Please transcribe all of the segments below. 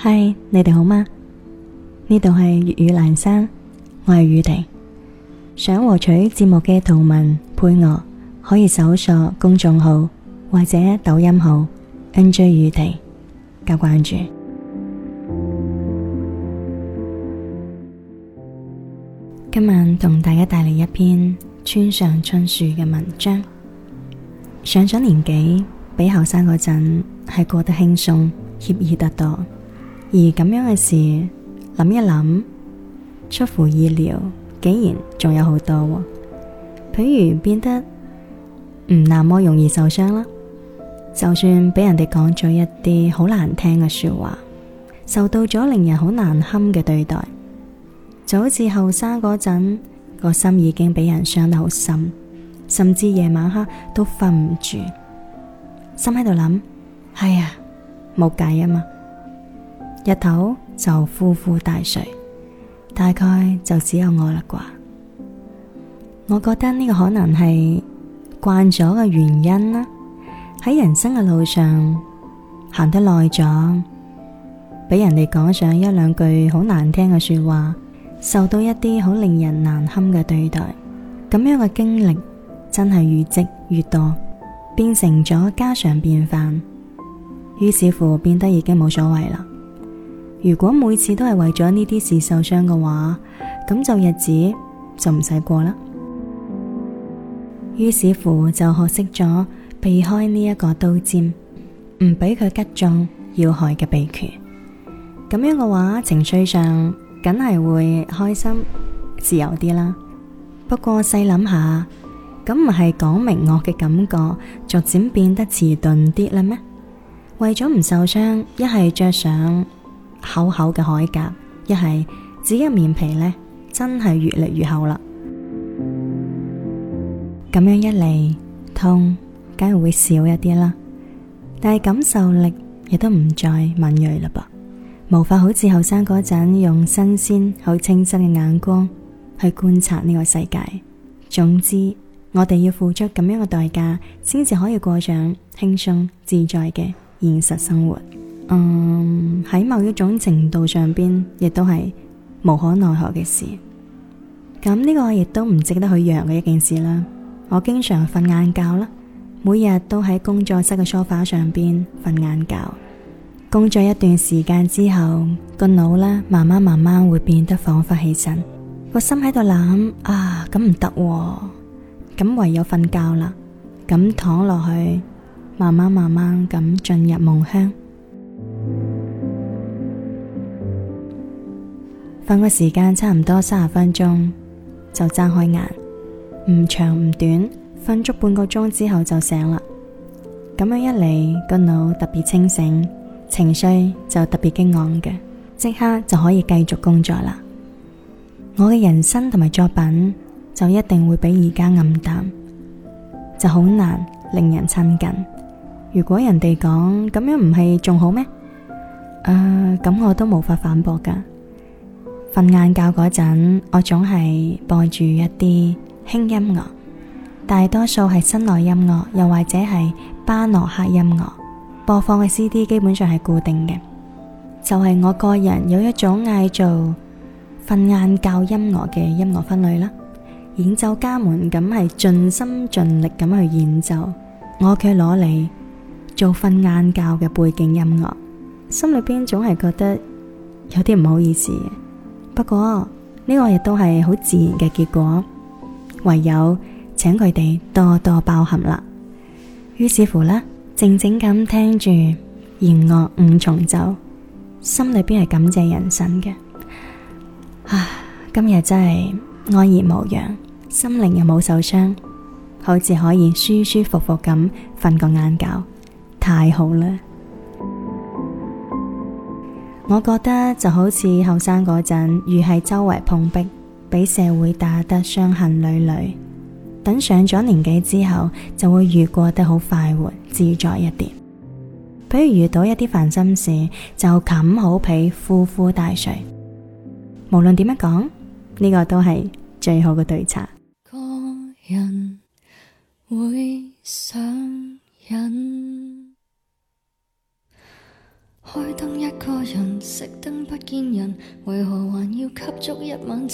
嗨，Hi, 你哋好嗎？呢度係粵語蘭山，我係宇婷。想獲取節目嘅圖文配樂，可以搜索公眾號或者抖音號 NJ 宇婷加關注。今晚同大家帶嚟一篇《村上春樹》嘅文章。上咗年紀比後生嗰陣係過得輕鬆愜意得多。而咁樣嘅事諗一諗，出乎意料，竟然仲有好多。譬如變得唔那麼容易受傷啦，就算俾人哋講咗一啲好難聽嘅說話，受到咗令人好難堪嘅對待，就好似後生嗰陣個心已經俾人傷得好深，甚至夜晚黑都瞓唔住，心喺度諗：哎呀，冇計啊嘛。日頭就呼呼大睡，大概就只有我啦啩。我覺得呢個可能係慣咗嘅原因啦。喺人生嘅路上行得耐咗，俾人哋講上一兩句好難聽嘅說話，受到一啲好令人難堪嘅對待，咁樣嘅經歷真係越積越多，變成咗家常便飯，於是乎變得已經冇所謂啦。如果每次都係為咗呢啲事受傷嘅話，咁就日子就唔使過啦。於是乎就學識咗避開呢一個刀尖，唔俾佢吉中要害嘅秘訣。咁樣嘅話，情緒上梗係會開心自由啲啦。不過細諗下，咁唔係講明我嘅感覺逐漸變得遲鈍啲啦咩？為咗唔受傷，一係着想。厚厚嘅鎧甲，一係自己嘅面皮呢，真係越嚟越厚啦。咁樣一嚟，痛梗係會少一啲啦。但係感受力亦都唔再敏銳嘞噃，無法好似後生嗰陣用新鮮、好清新嘅眼光去觀察呢個世界。總之，我哋要付出咁樣嘅代價，先至可以過上輕鬆自在嘅現實生活。嗯，喺某一種程度上邊，亦都係無可奈何嘅事。咁呢個亦都唔值得去讓嘅一件事啦。我經常瞓晏覺啦，每日都喺工作室嘅梳化上邊瞓晏覺。工作一段時間之後，個腦咧慢慢慢慢會變得恍惚起身，個心喺度諗啊，咁唔得，咁唯有瞓覺啦。咁躺落去，慢慢慢慢咁進入夢鄉。瞓個時間差唔多三十分鐘就睜開眼，唔長唔短，瞓足半個鐘之後就醒啦。咁樣一嚟，個腦特別清醒，情緒就特別激昂嘅，即刻就可以繼續工作啦。我嘅人生同埋作品就一定會比而家暗淡，就好難令人親近。如果人哋講，咁樣唔係仲好咩？誒，呃，咁我都無法反駁噶。瞓晏覺嗰陣，我總係播住一啲輕音樂，大多數係室內音樂，又或者係巴洛克音樂。播放嘅 CD 基本上係固定嘅，就係、是、我個人有一種嗌做瞓晏覺，覺音樂嘅音樂分類啦。演奏家們咁係盡心盡力咁去演奏，我卻攞嚟做瞓晏覺嘅背景音樂，心裏邊總係覺得有啲唔好意思嘅。不過呢，這個亦都係好自然嘅結果，唯有請佢哋多多包涵啦。於是乎呢，靜靜咁聽住弦樂五重奏，心裏邊係感謝人生嘅。啊，今日真係安然無恙，心靈又冇受傷，好似可以舒舒服服咁瞓個晏覺，太好啦！我覺得就好似後生嗰陣，越係周圍碰壁，俾社會打得傷痕累累。等上咗年紀之後，就會越過得好快活、自在一啲。比如遇到一啲煩心事，就冚好被，呼呼大睡。無論點樣講，呢個都係最好嘅對策。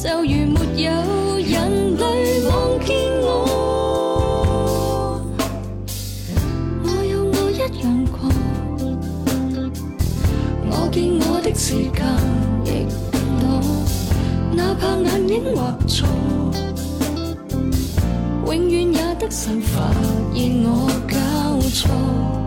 就如沒有人類望見我，我有我一樣過，我見我的時間亦唔多，哪怕眼影畫錯，永遠也得神發現我搞錯。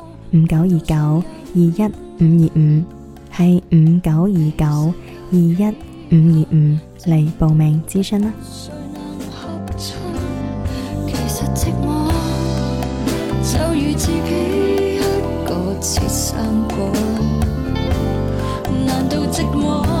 五九二九二一五二五，係五九二九二一五二五嚟報名諮詢啦。誰能